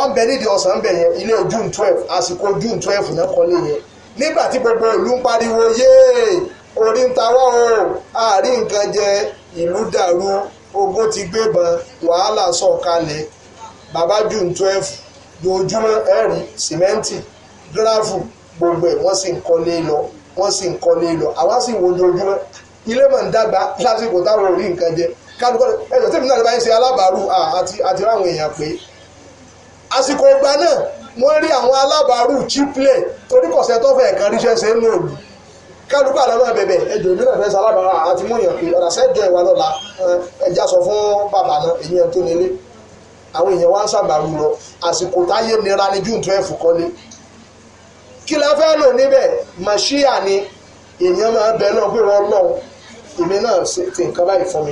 ọ̀n bẹ nídìí ọ̀sán bẹ̀ yẹn ilé june twelve àsìkò june twelve náà kọ́lé yẹn nígbà tí gbogbo ìlú ń pariwo yéè orí ń ta wá o àárín nǹkan jẹ ìlú dàrú ogun ti gbébọn wàhálà sọ̀kalẹ̀ bàbá june twelve dojúmọ́ ẹ̀rín sìmẹ́ǹtì gíráfù gbogbo ẹ̀ wọ́n sì ń kọ́lé lọ wọ́n sì ń kọ́lé lọ àwa sì ń wo ojoojúmọ́ ilé mọ̀ ń dàgbà lásìkò táwọn ò rí nǹkan jẹ kálukọ́ ẹ̀jọ̀ tèmi náà lè báyìí ṣe alábàárù àti ráwọn èèyàn pé àsìkò ìgbà náà wọ́n rí àwọn alábàárù chiplẹ̀ torí kọ̀sẹ̀ tó fẹ́ kan ríṣẹ́ ṣe ń lò lù kálukú àlọ́nà bẹ̀bẹ̀ ẹjọ́ mi náà fẹ́ sọ alábàárà àti múyàn pé ọ̀dà sẹ́jọ́ ìwà lọ́la ẹja sọ fún bàbá náà èyí tó nílé àwọn èèyàn wá ń ṣàgbàrú lọ àsìkò táyé nira ní june twelve kọ́lé kí la fẹ́ lò níbẹ̀ màṣíà ni èèyàn máa bẹ náà pé wọ́n èmi náà ti nǹkan báyìí fún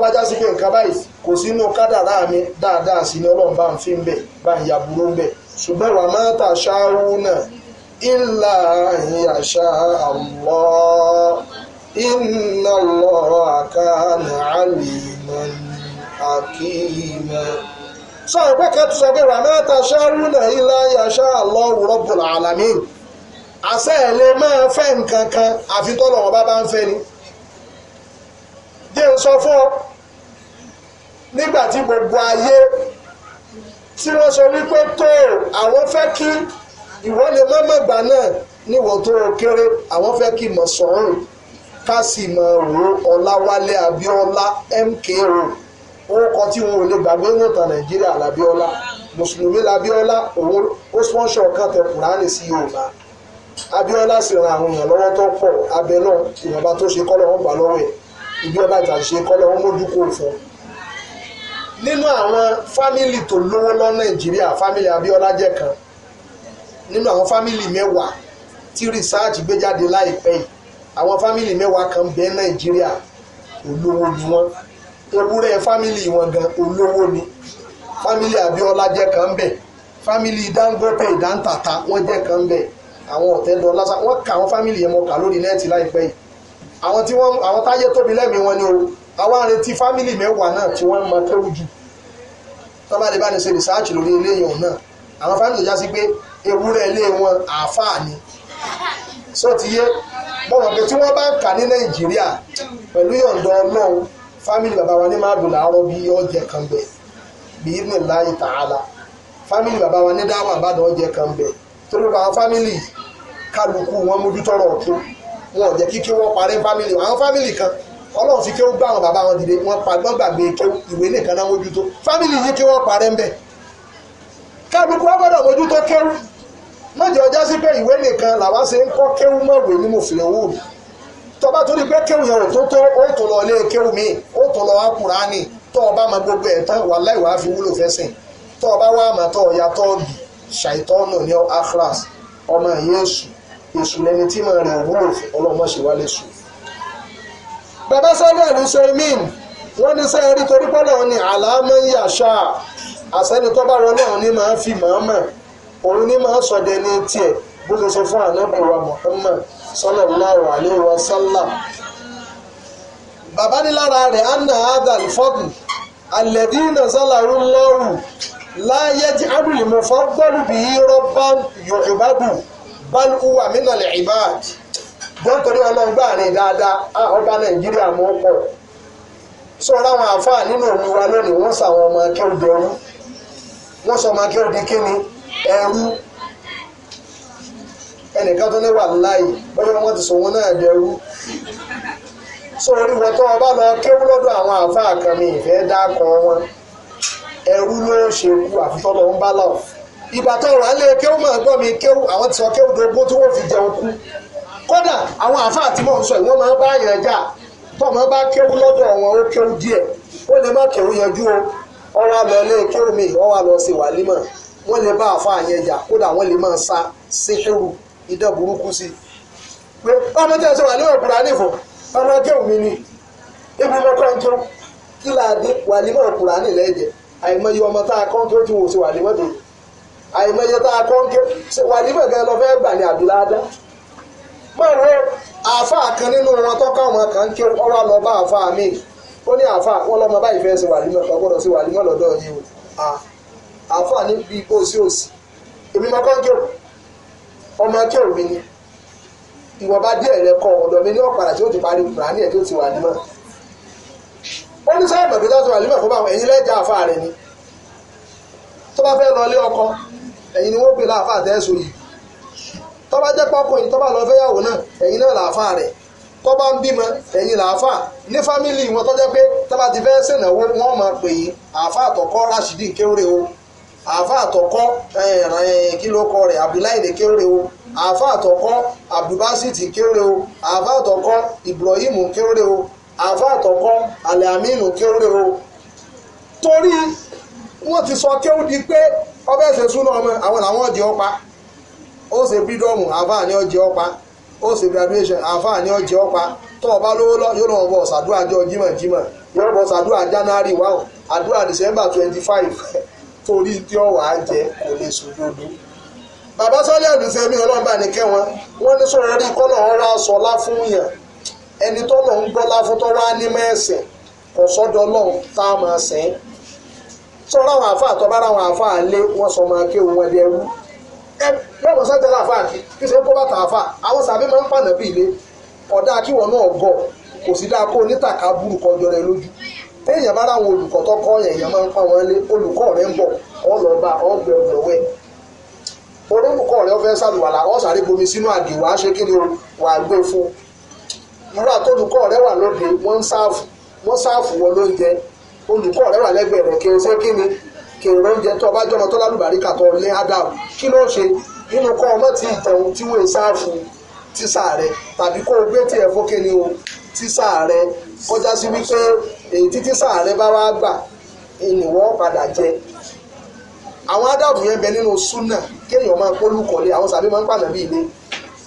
mi já sí pé nǹkan báyìí kò sínú kádàrá mi dáadáa sí ni ọlọ́run bá ń ṣùgbọ́n náà ìlà àlọ́ sọ pé náà ìlà ìyàṣà àlọ́ àṣẹ ẹ̀ lè máa fẹ́ nǹkan kan àfi tọ́lọ̀ wọn bá bá ń fẹ́ ni jẹ́ ń sọ fún ọ nígbà tí gbogbo ayé tí wọ́n sọ wípé tó àwọn fẹ́ kí ìwọ lè má má gbà náà níwọ̀n tó kéré àwọn fẹ́ kí mọ̀ sọ̀rùn ká sì mọ̀ ro ọ̀làwálé abíọ́lá MKO orúkọ tí wọn ò lè gbàgbé níta nàìjíríà làbíọ́lá mùsùlùmí làbíọ́lá òun ó sponsor kan tẹ sí yorùbá. Abíọ́lá sì ran àwọn èèyàn lọ́wọ́ tó pọ̀ abẹ náà ìwọ̀nba tó ṣe kọ́ lọ́wọ́ gbà lọ́wọ́ ẹ̀ ìbí ọba ìjà ṣe kọ́ lọ́wọ́ mójúkó fún un. nínú àwọn fámìlì tó lówó lọ Nàìjíríà fámìlì Abíọ́lá jẹ́ kan nínú àwọn fámìlì mẹ́wàá tí rìsáàjì gbé jáde láìpẹ́ yìí àwọn fámìlì mẹ́wàá kan bẹ́ẹ̀ Nàìjíríà olówó ni wọ́n ewúrẹ́ fámìlì wọn gan olówó ni fámìlì Abíọ́lá jẹ́ kan bẹ́ẹ̀ fámìlì Dangote Dantata wọ́n jẹ́ kan bẹ́ẹ̀ àwọn ọ̀tẹ́dọ̀ lásán wọ́n ka àwọn fámìlì yẹn mọ̀ kà lórí nẹ́ẹ̀tì láìpẹ́ yìí àwọn tí wọ́n àwọn táyé tóbi lẹ́mìí wọn ni o àwọn àrètí fámìlì mẹ́wàá náà tí wọ́n mọ kéwù jù tọ́ba lè bá ní ṣe rìsáàchì lórí eléyìí ọ̀hún náà àwọn fámìlì tó já sí pé ewúrẹ́ ilé wọn àáfàá ni sọ ti yé mo mọ̀ pé tí wọ́n bá ń kà ní nàìjíríà pẹ̀lú yọ̀ǹda ọlọ́run fámìlì bàbá wa ní máa dùn láàárọ̀ bí ọ̀jẹ̀ kan bẹ̀ bí ibùdó láyé tààlà fámìlì bàbá wa ní dáwà àbádọ́ ọ̀jẹ̀ torí pé àwọn fámìlì kálukú wọn mójútọ́rọ̀ ọ̀tún wọn ò jẹ́ kí kí wọ́n parí fámìlì àwọn fámìlì kan fi kéwú gbá àwọn bàbá wọn dìde wọn pa gbàgbé kéwú ìwé nìkan náà mójútó fámìlì yìí kí wọ́n parẹ́ ń bẹ̀ kálukú wọn gbọ́dọ̀ mójútó kéwú mọ̀jẹ̀ ọjà sí pé ìwé nìkan làwa ṣe ń kọ́ kéwú mọ̀wé ní owó ṣàìtọ́nù ní akhlas ọmọ yéṣù èṣù lẹni tí màá rìn wúlò fún ọlọ́mọ ṣe wálé ṣù. bàbá sọ́dọ̀ ló ṣe mím wọ́n ní sẹ́yìn rí torí pọ́lọ́ ní àlámọ́ ń yàṣà àsẹ́ni tó bá rọlẹ́ òun ní máa fi màámà òun ní máa sọ̀dẹ̀ ní tiẹ̀ bó ṣe ṣe fún ànábì wa Muhammad sallallahu alaihi wa sallam bàbá ní lára rẹ̀ anna adal fọ́tù alẹ́dínà sálàrú lọ́rù laa tí abúlé mo fọ́ rọ́bà yorùbá bù bálu wà mí nàlẹ́ ọba nàìjíríà mọ́ pọ̀ àwọn àfáà nínú omi wa lónìí wọ́n sọ ọmọ akẹ́rù dẹrú wọ́n sọ ọmọ akẹ́rù kíni ẹrú ẹnìkan tó láàyè wọn ti sọ wọn náà tó ẹrú ló ṣe kú àfitọ́lọ́ ń bá láwọ̀ ìgbà tó rà á lé kéwù máa gbọ́ mi kéwù àwọn ti sọ kéwù dogbo tí wọ́n fi jẹun kú kódà àwọn àáfàá tí mò ń sọ ìwọ́n máa ń bá yẹn jà tó máa bá kéwù lọ́dọ̀ wọn ó kéwù díẹ̀ ó lè má kéwù yanjú o ọwọ́ àlọ́ ilé kéwù mi ọwọ́ àlọ́ sí wàlímọ̀ wọ́n lè bá àáfàá yẹn jà kódà wọ́n lè máa sa síhìrù idán burúkú sí pé ọmọ tí a sọ̀rọ̀ àlẹ́ òkúra nífọ̀ ọmọ kéwù mi ni ibi mọ́kàntún kí àìmọye ọmọ tá a kọ́ńkẹ́ tí wọ́n ṣe wà ní mọ́tò àìmọye tá a kọ́ńkẹ́ wà ní mọ̀gán lọ fẹ́ gbà ní àdúrà dá mọ̀rọ̀ àáfà kan nínú wọn tọ́ka wọn kan kí ọ̀rọ̀ lọ bá àáfà mi ó ní àáfà wọn lọ́mọ báyìí fẹ́ ṣe wà ní mọ̀tò ọgbọ́dọ̀ ṣe wà ní mọ̀tò lọ́dọ̀ yìí o àáfà ní bí ipò sí òsì èmi mọ kọ́ńkẹ́ ọmọ kẹ́rù mi ni ìwọ̀nba díẹ̀ rẹ kọ ọ̀dọ̀ mi ní ọ̀pàdà tí ó ti parí ìgbà ní ẹ̀ tó ti wà ní mọ̀tò wọ́n ní sáyẹn mọ̀gbẹ́ta tó wà límọ̀ fún báwọn ẹ̀yin lẹ́jà àfa rẹ̀ ni tó bá fẹ́ lọlé ọkọ ẹ̀yin ni wọ́n pè láàfa àtẹ́sù yìí tó bá jẹ́ pọ́kùnrin tó bá lọ fẹ́ yàwó náà ẹ̀yin náà làáfa rẹ̀ tó bá ń bímọ ẹ̀yin làáfa ní fámìlì wọn tó jẹ́ pé tó bá ti fẹ́ sẹ̀nàwó wọn máa pè yín àfa àtọ̀kọ́ Rashidi kéwúrẹ́ o àfa àtọ̀kọ́ kílókọ rẹ̀ Abdullahi kéwúrẹ́ o àfa àtọ̀kọ́ Abdulbasiti kéwúrẹ́ o àfa àtọ̀kọ́ Ibrahim kéwúrẹ́ o àfa àtọ̀kọ́ aminu o torí wọ́n ti sọ kéwú di pé ọbẹ̀ ṣe súná ọmọ àwọn làwọn ọ̀jẹ̀ ọpa ó ṣe bídọ́ọ̀mù àfa àní ọ̀jẹ̀ ọpa ó ṣe graduation àfa àní ọ̀jẹ̀ ọpa tó ọba lówó lọ yóò bọ̀ january àdúrà december twenty torí tí kò lè bàbá ní rí ẹni tọ́lọ̀ ń gbọ́lá fún tọ́ wá nímọ̀ ẹ̀sìn kò sọ́dọ̀ ọlọ́run tá a máa sìn sọ ráwọn àfa àtọ́bá ráwọn àfa àlé wọn sọ máa ké wọn ẹbí ẹrú ẹ bẹ́ẹ̀ sọ́tẹ̀ láfa kí ṣe ń kó bàtà àfa àwọn sàbí máa ń pànà bí ilé ọ̀dà kíwọ̀ náà gọ̀ kò sí dáa kó onítàkà burú kọjọ rẹ lójú téèyàn bá ráwọn olùkọ́ tó kọ́ yẹn èèyàn máa ń pa wọn lé olùkọ́ rẹ ń bọ̀ ọ́ lọ bá ọ́ gbẹ ọ̀gbẹ̀wẹ́ olùkọ́ rẹ ó fẹ́ sàlùwàlà ọ́ sàré bomi sínú àdìwà ṣé kí ni wàá gbé fún un nígbà tó olùkọ́ rẹ wà lóde wọ́n ń sáàfù wọ́n sáàfù wọ lóúnjẹ olùkọ́ rẹ wà lẹ́gbẹ̀ẹ́ rẹ kí n ṣe kí ni kí n lóúnjẹ tó ọba jọmọ tó lálùbáríkà tó lé adam kí ló ṣe nínú kọ́ ọmọ tí ìtẹ̀hún tí wọ́n sáàfù tísà rẹ tàbí kó o gbé tí ẹ̀ fókè ni o tísà rẹ kọjá sí wípé èyí tí tísà rẹ bá wá gbà ènìwọ́ padà jẹ àwọn adáàbò yẹn bẹ nínú súnà kéèyàn máa polúkọ̀lé àwọn sàbí máa ń pàdánù ilé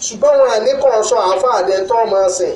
ṣùgbọ́n wọn àníkàn sọ àáfàá àdẹ́ntọ́ máa sìn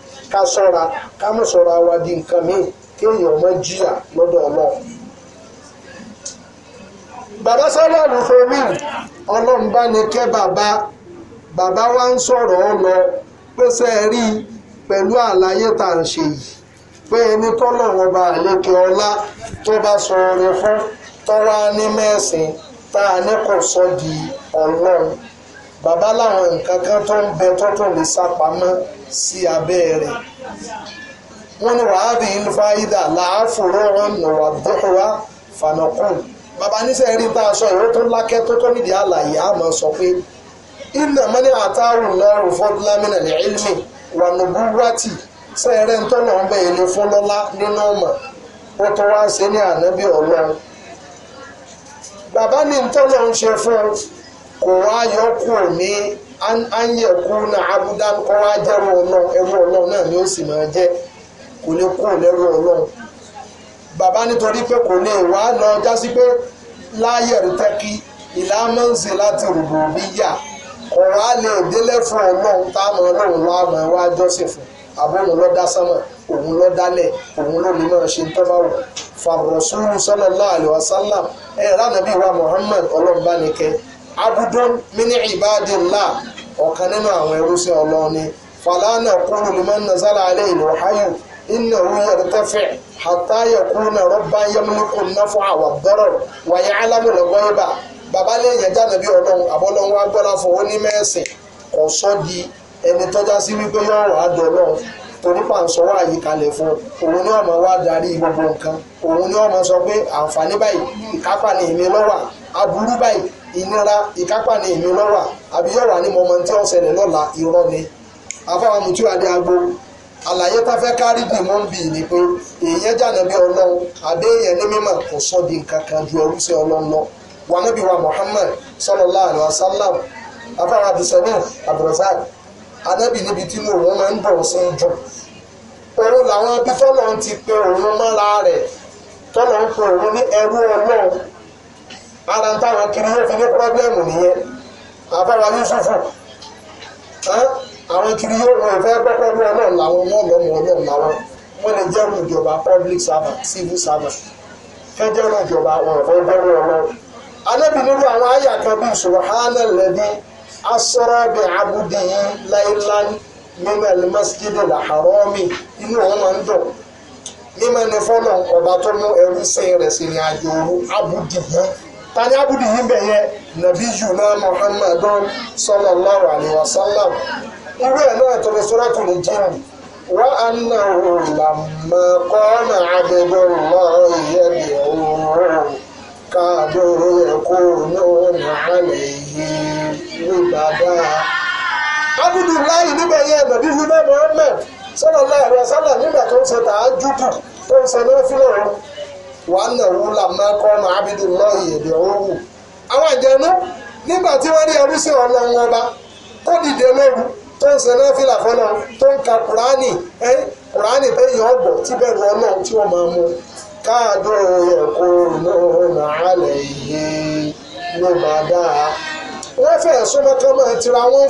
ká sọ́ra ká mọ̀ sọ́ra wa di nǹkan míì kéèyàn mọ́ jìyà lọ́dọ̀ ọlọ́run. bàbá sálàlù fẹ́mi ọlọ́run bá ní kẹ́ bàbá bàbá wa ń sọ̀rọ̀ ọ lọ pé ṣe é rí pẹ̀lú àlàyé tá ń ṣe yìí pé ẹni tọ́lọ́run ọba àlékè ọlá tó bá sọ ọrẹ fún tọ́wá ní mẹ́sìn tá a ní kò sọ di ọlọ́run bàbá láwọn nǹkan kan tó ń bẹ tó tó lè sá pamọ́ sí abẹ́ rẹ̀ wọ́n ní wàhálì ìlúfàyídà làáfòrò wọn nùwà dọ́kọ̀wá fanakun bàbá níṣẹ́ rí tá a sọ ìwé tó lákẹ́ tó tó nídìí àlàyé àmọ́ sọ pé ìnà mọ́ni àtàrùn lọ́rù fọ́dúnlámínà ní ìlmì wànúbúwátì sẹ́ẹ̀rẹ́ ń tọ́nà ń bẹ ilé fọlọ́lá nínú ọmọ ó tó wá ṣe ní ànábì ọlọ́run bàbá ní ń tọ́nà ń ṣe fún un kò wá yọ kúrò ní ányẹ̀kú náà abúdá kọ́ wá jẹ́rú ọlọ́run ẹrú ọlọ́run náà ni ó sì máa jẹ́ kò lè kúrò lẹ́rú ọlọ́run bàbá nítorí pé kò ní wá lọ jásí pé láyẹ̀ rí tẹ́kí ìlàmọ́ǹsẹ̀ láti rògbò bí yà lè délé fún ọlọ́run táwọn ọlọ́run wá jọ́sìn fún ló dá sánmà òun ló dálẹ̀ òun ló ṣe tọ́ abudun mini ibadillah ọ̀kan nínú àwọn ẹrúṣẹ́ ọlọ́ọ̀ni falana kúrò liman nazala alayhi alwahyu innahu yartafi hatta yakuna rabban yamliku an-naf'a wad-darar wa ya'lamu al-ghayba bàbá lẹ́yìn jànàbí ọlọ́run àbọ́lọ́run wá gbọ́dá fọwọ́ ní mẹ́sìn kò sọ́ di ẹni tọ́já sí wípé yóò rà á dọ̀lọ́ torí pàǹsọ́wọ́ àyíkalẹ̀ fún òun ni ọmọ wa darí gbogbo nǹkan òun ni ọmọ sọ pé àǹfààní báyìí ìkápá ni èmi lọ́wà aburú báyìí ìnira ìkápá ni ìmí lọ́rà àbí yọ̀rà ni mọ̀mọ́ tí ó ṣẹlẹ̀ lọ́la irọ́ ni afáwọn mutí adé agbo àlàyé tá fẹ́ kárí ni mo ń bì ní pé èèyàn jàǹdà bí ọlọ́run àbí èèyàn ní mímọ̀ kò sọ di nǹkan kan ju ọrúṣẹ́ ọlọ́run lọ wà níbi wa Muhammad sallallahu alaihi wasallam afáwọn abdulsalam abdulrasaq anábì níbi tí mo òun máa ń bọ̀ sí jù òun làwọn abífọ́nà ti pe òun mọ́ra rẹ̀ tọ́lọ́ ń pe òun ní ẹrú ọlọ́run ala ń táwọn kiri yóò fi ní pírọ́blẹ́mù nìyẹn yusufu àwọn kiri yóò ràn ìfẹ́ gbọ́gbọ́ ní ọlọ́run làwọn náà lọ́mọ ọlọ́run làwọn wọ́n lè jẹ́rù ìjọba public servant civil servant fẹ́ jẹ́rù ìjọba ọ̀fẹ́ gbọ́gbọ́ ọlọ́run alẹ́bí nínú àwọn àyà kan bíi asọ́rọ́ bíi làhárọ́mì inú máa ń dùn ẹni ọba tó mú ẹrú sí tani abudu yìí bẹ̀ yẹn nàbí yuna muhammadu sallallahu alayhi wa sallam irú ẹ̀ náà tọ́lẹ̀ suratul jinn wa annahu lamma qama abdullahi yad'uhu kadu yakununa alayhi libada abudu láyé níbẹ̀ yẹn nàbí yuna muhammad sallallahu alayhi wa sallam nígbà tó ń ṣe tàájúdù tó ń ṣe náà fílẹ̀ rẹ̀. wàá nàró làmá kọ́nà abidulayi èdè òwò àwọn àjẹnú nígbà tí wọ́n rí ẹrú sí ọlọ́run ọba tó dìde lóru tó ń ṣe náfìlà fọlọ tó ń ka kùránì ẹ kùránì tó yàn ọgbọ tí bẹ́ẹ̀ lọ náà tí wọ́n máa mú káàdó ẹ̀kọ́ náà nàálẹ̀ yìí ló bá wọ́n fẹ́ súnmọ́ máa tira wọ́n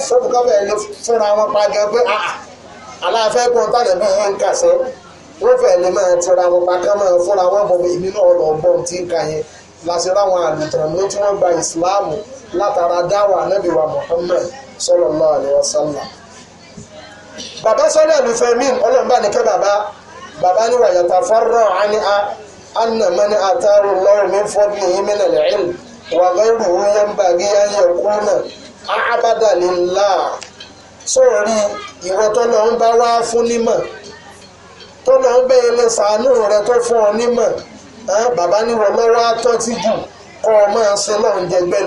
wọ́n fẹ́ lè máa tẹra wọn pa ká máa fúnra wọn bọ̀ èmi náà lọ bọ̀ tí ń láti àlùtàn tí wọ́n gba ìsìláàmù látara dáwà Muhammad sallallahu alaihi wasallam. bàbá sọ́lá àlùfẹ́ mi ọlọ́mbà ní kẹ́ bàbá bàbá a anna mani lọ́rùn mi mi wà lẹ́rù yẹn sọ̀rọ̀ ìwọ́tọ́ tó lọ ń bẹ́ẹ̀ lè sàánú rẹ tó fún ọ nímọ̀ bàbá níwọ̀ lọ́wọ́ àtọ́ ti jù kọ́ ọ máa ṣe lọ lónìí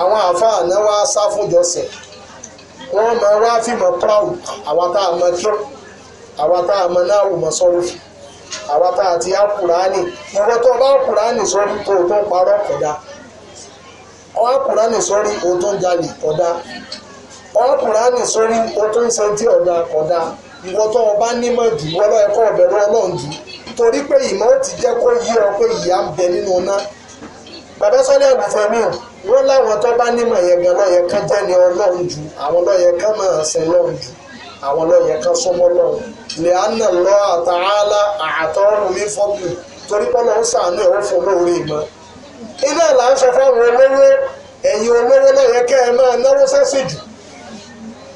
àwọn àáfàá náà wá sá wọ́n máa wá tá a mọ kí tá a mọ náà wò mọ tá a ti á tó bá tó o tó ń jalè o tó ń ìwọ tó o bá nímọ̀ jù wọ́n lọ́ọ́ ẹ̀kọ́ ọ̀bẹ̀rún ọlọ́run jù torí pé ìmọ̀ ti jẹ́ kó yí ọ pé ìyá ń bẹ nínú iná bàbá sọ́lẹ̀ àgùnfẹ́ mi wọ́n láwọn tó bá nímọ̀ yẹn gan lọ́ọ́ yẹ kán jẹ́ ni ọlọ́run jù àwọn lọ́ọ́ yẹ kán máa sìn lọ́run jù àwọn lọ́ọ́ yẹ kán súnmọ́ lọ́run lè ànà lọ àtàhálà àtọ́rùn mi fọ́ọ̀mù torí pé ọlọ́run sàánú ẹ̀rọ fún olóore ìmọ̀ iná là ń sọ fáwọn olówó ẹ̀yin olówó lọ́ọ́ kẹ́ ẹ máa náwó sẹ́sì jù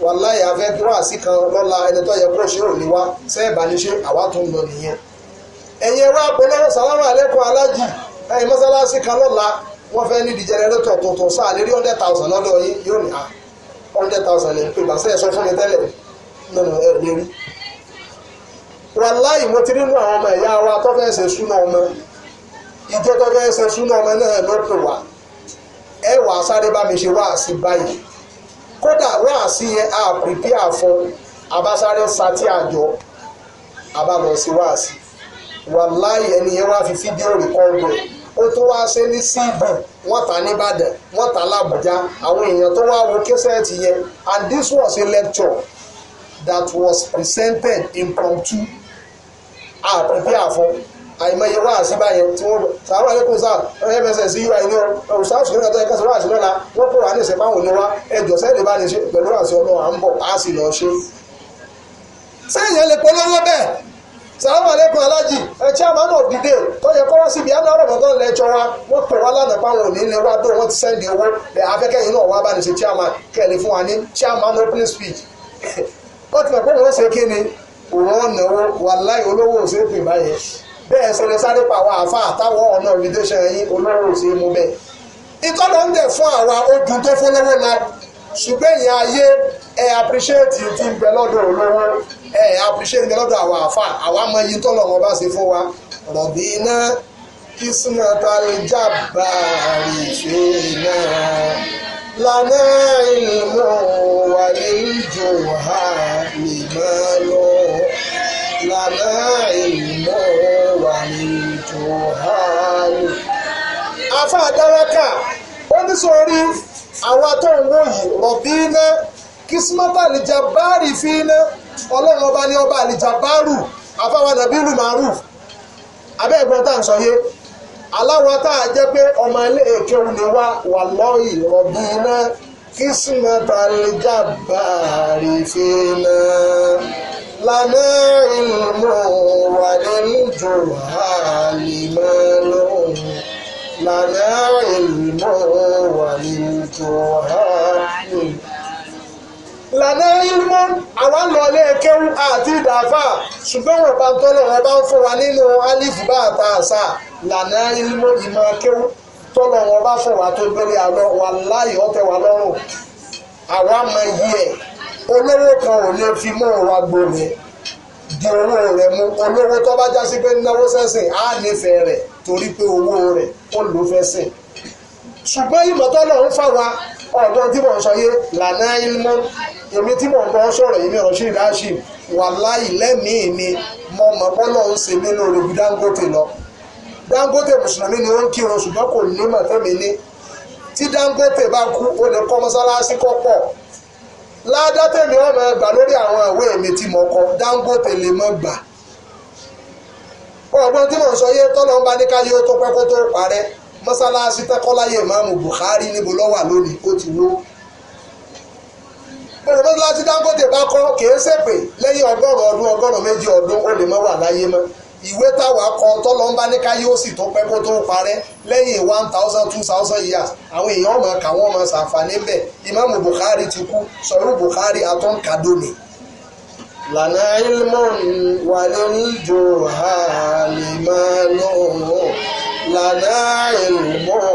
wàláyé afẹ́ kí wàá sí kan lọ́la ẹni tó yẹ kúrò ṣírò lè wá sẹ́ẹ̀bà ní ṣe àwa tó ń lọ nìyẹn ẹ̀yin ẹ̀rọ àpolówó sàlámà lẹ́kọ̀ọ́ alájì ẹ̀yin mọ́sálásí kan lọ́la wọ́n fẹ́ nídìí jẹnẹrétọ̀ tuntun sáà lérí hundred thousand lọ́dọ̀ yín yóò ní à hundred thousand lè pè bá sẹ́yìn sọ fún mi tẹ́lẹ̀ nínú ẹ̀ lérí. wàláyé mo ti rí nínú àwọn ọmọ ẹ̀yà wa tó fẹ́ ṣe súná ọmọ ìjọ tó fẹ́ ṣe súná ọmọ náà lọ́pẹ̀ wá ẹ wàá sáré bá mi ṣe wá sí báyìí kódà wáàsí yẹn a prepare fún abasáré sati àjọ abalọsí wáàsí wàláyé ẹni yẹn wá fi fídíò rìkọ́ọ̀dù ẹ̀ ó tún wá ṣe ní síbàn wọ́n ta nìbàdàn wọ́n ta làbújá àwọn èèyàn tó wá wo kẹsẹ̀tì yẹn and this was a lecture that was presented impromptu a prepare fún àìmọye wá sí báyẹn tí wọ́n sàárọ̀ ayékùn sáà ẹ̀rọ ọ̀rọ̀ ṣùgbọ́n wọ́n kúrò àní ìṣẹ̀fà òní wa ẹjọ́ sẹ́yìn bá ní ṣe pẹ̀lú àṣẹ à ń bọ̀ á sì lọ ṣe. sẹ́yìn ẹ̀ lè bẹ́ẹ̀ sàárọ̀ alájì chairman of the day tó yẹ wọ́n bẹ́ẹ̀ sọ̀rọ̀ sáré pa àwọn àfa àtàwọn ọ̀nà ìrìndéṣẹ́ yín olóró sí mú bẹ́ẹ̀. ìtọ́nà ń dẹ̀ fún àwa ojú tó fún lọ́wọ́ náà ṣùgbọ́n ìyẹn ayé ẹ appreciate ti ń bẹ lọ́dọ̀ olówó ẹ appreciate ti lọ́dọ̀ àwọn àfa àwa mọ iye tó lọ́wọ́ bá ṣe fún wa rọ̀bì iná kìsínà tàlíjà bàárì ṣe iná lànà ìlú wà ní ìjọ wà ní màlúù lànà ìmọ̀ wà ní jòhánù. afa adaraka ó ní sórí àwọn atọ́rùnwó yìí rọ̀bí iná kìsímọ́tà àlìjà báàrì fi iná ọlọ́run ọba ní ọba àlìjà báàrù afáwọn nàbílù márùf abẹ́ ẹ̀gbọ́n tá à ń sọ yé tá a jẹ́ pé ọmọ ilé ìkẹrù ni wá wà lọ́ọ̀yì rọ̀bí iná kìsímọ́tà àlìjà لنا علم وللجهال مال لنا علم وللجهال lànà ilmọ àwa lọ lé kéwú àti ìdàfà ṣùgbọ́n wọn bá tọ́lọ̀ wọn bá ń fún wa nínú alifu bá ta àṣà lànà ilmọ ìmọ̀ kéwú tọ́lọ̀ wọn bá fún wa tó gbélé àlọ́ wà láyé ọ̀tẹ̀ wà lọ́rùn àwa mọ iyì ẹ̀ olówó kan ò lè fi mú òun agbo mi di owó rẹ̀ mú olówó tó bá jásí pé náwó sẹ́sìn á nífẹ̀ẹ́ rẹ̀ torí pé owó rẹ̀ ó lò fẹ́ sìn ṣùgbọ́n ìmọ̀tọ́ náà ń fà wá ọ̀dọ́ tí mò ń sọ yé lànà ilmọ́ èmi tí mò ń bọ́ sọ̀rọ̀ èmi ọ̀ṣìn ìdáṣì wà láì lẹ́mìí mi mo mọ̀ bọ́lọ̀ ń ṣe mí lórí ibi Dangote lọ Dangote mùsùlùmí ni ó ń kírun ṣùgbọ́n kò ní mọ̀tẹ́mi ní tí Dangote bá kú ó lè kọ́ mọ́sálásí kọ́ pọ̀ ládá tèmi ọmọ ẹgbà lórí àwọn ìwé mi tí mo kọ Dangote lè mọ gbà ọgbọ́n tí mò ń sọ yé tọ́lọ́ ń bá ní káyé ó tó pẹ́ kó tó parẹ́ mọ́sálásí tẹ́kọ́láyè máàmù Buhari níbo lọ́wà lónìí ó ti wó bẹ̀rẹ̀ mọ́sálásí Dangote bá kọ́ kì í ṣèpè lẹ́yìn ọgọ́rùn-ún ọdún ọgọ́rùn-ún méjì ọdún ó lè mọ́ wà láyé mọ́ ìwé táwa kọ tọ́lọ́ ń bá ní káyé ó sì tó pẹ́ kó tó parẹ́ lẹ́yìn one thousand two thousand years àwọn èèyàn ọmọ kà wọ́n máa ṣàǹfààní ìmáàmù Bukhari ti kú sọ̀rọ̀ Bukhari atọ́n kadoni. lànà ilmọ̀n wà lóríjò àlìmánú lànà ilmọ̀n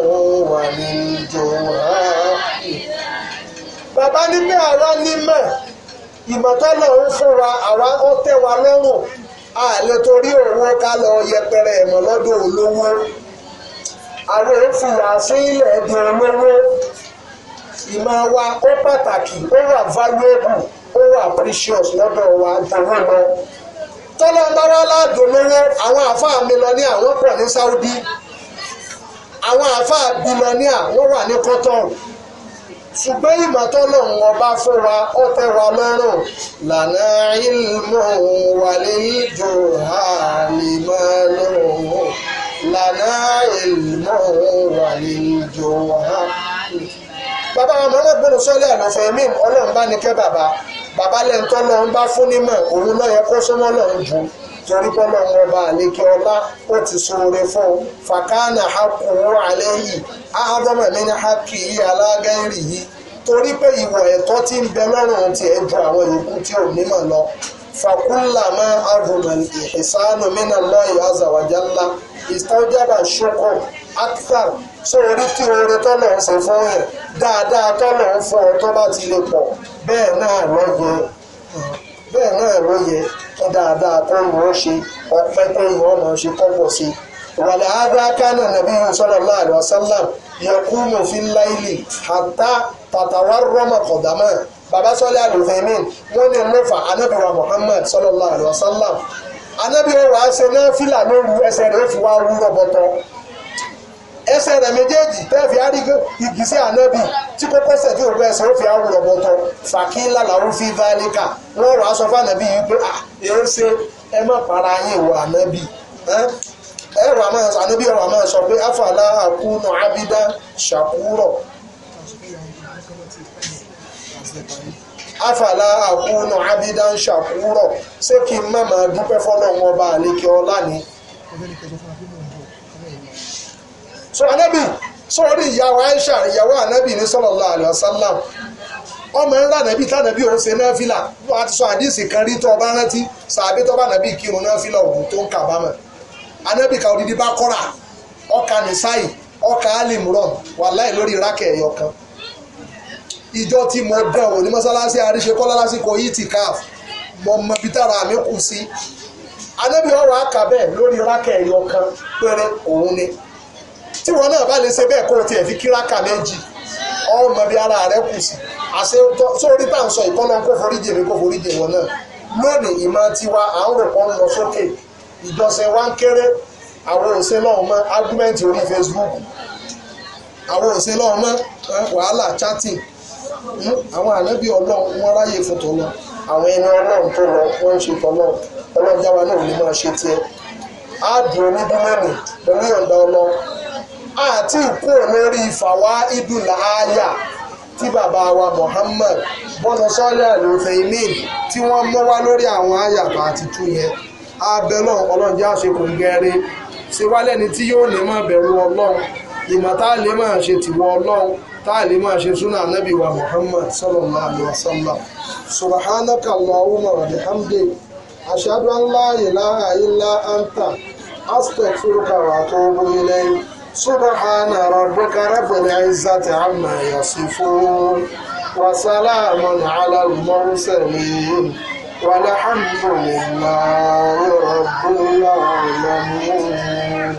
wà lóríjò àlìmánú. bàbá ní bí ara ní mọ̀ ìmọ̀tọ́lọ̀ ń fún wa àwa ó tẹ́ wa lọ́rùn àlè torí òun ká lọ yẹpẹrẹ ẹ̀mọ́ lọ́dọ̀ olówó àwọn òfìyà sí ilẹ̀ di olówó ìmọ̀ wa ó pàtàkì ó wà valuable ó wà precious lọ́dọ̀ wa dùnú lọ tọ́lọ́mbárá ládùn lówó àwọn àáfàá mi lọ ní àwọn pọ̀ ní Saudi àwọn àáfàá bilọ́níà wọ́n wà ní Qatar ṣùgbọ́n ìmọ̀tọ́lọ̀ wọn bá fún wa ó tẹ́ wa lọ́rùn lànà ìlmọ̀ wàlẹ̀ ìjọ àlìmọ́ lọ́rùn lànà ìlmọ̀ wàlẹ̀ ìjọ àlìmọ́. bàbá wa mọ́nà gbọ́dọ̀ sọ́lẹ̀ àlọ́fẹ́ mi ọlọ́run bá ní kẹ́ bàbá bàbá lẹ́ńtọ́ lọ́run bá fún nímọ̀ òun lọ́yẹ kó sọ́mọ́ lọ́run jù torí pé ọlọ́run ọba àlekè ọlá ó ti ṣoore fún un fàkánà hakùnrin alẹ́ yìí áhádámà mi ní hákì yìí alágẹ́rì yìí torí pé ìwọ̀ ẹ̀tọ́ tí ń bẹ lọ́rùn tiẹ̀ ju àwọn yòókù tí ò nímọ̀ lọ fakulama aruman ihisanu mina lọyi azawajalla ìtọ́jábà ṣokò akthar sórí tí oore tọ́lọ̀ ń ṣe fún yẹn dáadáa tọ́lọ̀ ń fún ọ tó bá ti lè pọ̀ bẹ́ẹ̀ náà kí dáadáa tó ń wọ́n ṣe ọpẹ́ tó ń wọ́n mọ̀ ṣe kọ́pọ̀ sí i wàlẹ̀ abákánà nàbí sallallahu alaihi wasallam yaqumu fil layli hatta tatawarrama qadama bàbá sọ́lá àlùfẹ́mìn wọ́n ní mẹ́fà anábìwà Muhammad sallallahu alaihi wasallam anábìwà ṣe náà fìlà lóru ẹsẹ̀ rẹ̀ fi wá rú rọ̀bọ̀tọ̀ ẹsẹ̀ rẹ̀ méjèèjì tẹ́ẹ̀fì arígbó igi ànábì tí kókó sẹ̀tì òkú ó fi àrùn rọ̀bọ̀tọ̀ fàkí lálàrú fi válíkà a rọ̀ aṣọ fànàbí yìí pé à èé ṣe ẹ má para yín wọ ànábì ẹ̀rọ àmọ́ ànábì ọ̀rọ̀ àmọ́ sọ pé àfàlà àkúnú abidá àkúnú abidá so anábì sọ̀rọ̀ ìyàwó Aisha ìyàwó anabi ní sallallahu alaihi ọmọ ńlá nàbí tànàbí òun ṣe náfìlà wọn ti sọ àdìsí kan rí tọ́ ọba rántí kírun ògùn tó ń ka odidi bá ọkà ọkà lórí kan ìjọ tí mo dán wò ní mọ́sálásí àríṣekọ́lá lásìkò lórí ni. tí wọn náà bá lè ṣe bẹ́ẹ̀ kó o tiẹ̀ fi kíráka méjì ọmọ bíi ara rẹ kù sí àṣẹ sórí tá à ń sọ ìkọ́nà kó forí jè mí kó forí jè wọn náà lónìí ìmọ̀ tiwa à ń rò pọ̀ ń lọ sókè ìjọsìn wa ń kéré àwọn òṣè lọ́wọ́ mọ́ ágúmẹ́ǹtì orí Facebook àwọn òṣè lọ́wọ́ mọ́ wàhálà chatting hm? àwọn ànábì ọlọ́run wọn ráyè fún tọ́lọ́ àwọn ẹni ọlọ́run tó lọ wọ́n ń ṣe tọ́lọ́ ọlọ́run jáwa náà ò ní máa ṣe tiẹ̀ á dùn onídùúmẹ́rin pẹ̀lú ìyọ̀ǹda ọlọ́run àti ìkún lórí ìfàwá ìdùnnà àyà tí bàbá wa Muhammad bọ́nà sọ́lẹ̀ àlùfẹ̀mín tí wọ́n wá lórí àwọn bá ti tú yẹn abẹ́lọ́ ọlọ́njẹ́ àṣekò ń gẹ́rẹ́ ṣe wá lẹ́ni tí yóò ní máa bẹ̀rù ọlọ́run ìmọ̀ tá a lè máa ṣe taa ọlọ́run tá a lè máa ṣe súnà anábì wa Muhammad sallallahu alayhi wa wa bihamdik ashhadu an la ilaha سبحان ربك رب العزة عما يصفون وسلام على المرسلين والحمد لله رب العالمين